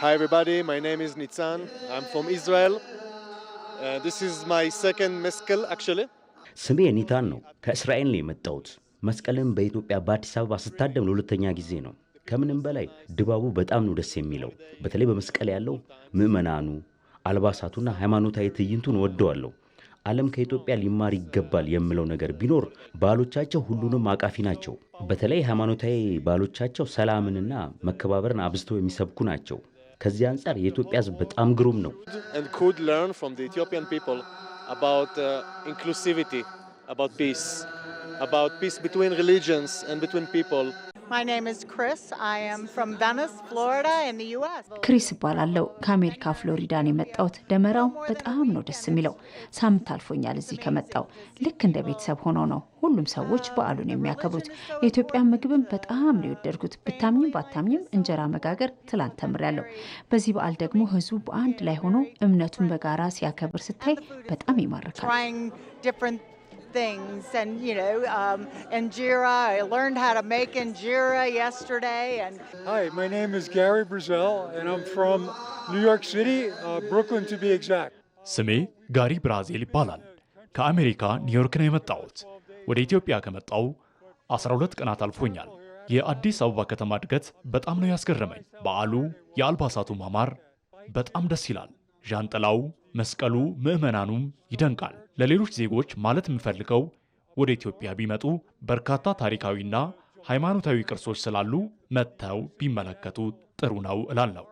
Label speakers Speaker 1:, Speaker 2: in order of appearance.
Speaker 1: Hi everybody, my name is Nitzan. I'm from Israel. Uh, this is my second መስቀል actually.
Speaker 2: ስሜ ኒታን ነው። ከእስራኤል ነው የመጣሁት። መስቀልን በኢትዮጵያ በአዲስ አበባ ስታደም ለሁለተኛ ጊዜ ነው። ከምንም በላይ ድባቡ በጣም ነው ደስ የሚለው። በተለይ በመስቀል ያለው ምዕመናኑ፣ አልባሳቱና ሃይማኖታዊ ትዕይንቱን ወደዋለሁ። ዓለም ከኢትዮጵያ ሊማር ይገባል የምለው ነገር ቢኖር ባህሎቻቸው ሁሉንም አቃፊ ናቸው። በተለይ ሃይማኖታዊ ባህሎቻቸው ሰላምንና መከባበርን አብዝተው የሚሰብኩ ናቸው። ከዚህ አንጻር የኢትዮጵያ ሕዝብ በጣም ግሩም ነው።
Speaker 1: ኢንክሉሲቪቲ
Speaker 2: ክሪስ እባላለሁ። ከአሜሪካ ፍሎሪዳን የመጣሁት ደመራው በጣም ነው ደስ የሚለው። ሳምንት አልፎኛል እዚህ ከመጣው። ልክ እንደ ቤተሰብ ሆኖ ነው ሁሉም ሰዎች በዓሉን የሚያከብሩት። የኢትዮጵያ ምግብም በጣም ነው የወደድኩት። ብታምኝም ባታምኝም እንጀራ መጋገር ትላንት ተምሬያለሁ። በዚህ በዓል ደግሞ ህዝቡ በአንድ ላይ ሆኖ እምነቱን በጋራ ሲያከብር ስታይ በጣም ይማርካል።
Speaker 3: things. And, you know, um, injera, I learned how to make injera yesterday. And
Speaker 4: Hi, my name is Gary Brazel, and I'm from New York City, uh, Brooklyn to be exact.
Speaker 2: ስሜ ጋሪ ብራዜል ይባላል። ከአሜሪካ ኒውዮርክ ነው የመጣሁት። ወደ ኢትዮጵያ ከመጣው 12 ቀናት አልፎኛል። የአዲስ አበባ ከተማ እድገት በጣም ነው ያስገረመኝ። በዓሉ፣ የአልባሳቱ ማማር በጣም ደስ ይላል። ዣንጥላው መስቀሉ ምዕመናኑም ይደንቃል። ለሌሎች ዜጎች ማለት የምፈልገው ወደ ኢትዮጵያ ቢመጡ በርካታ ታሪካዊና ሃይማኖታዊ ቅርሶች ስላሉ መጥተው ቢመለከቱ ጥሩ ነው እላለሁ።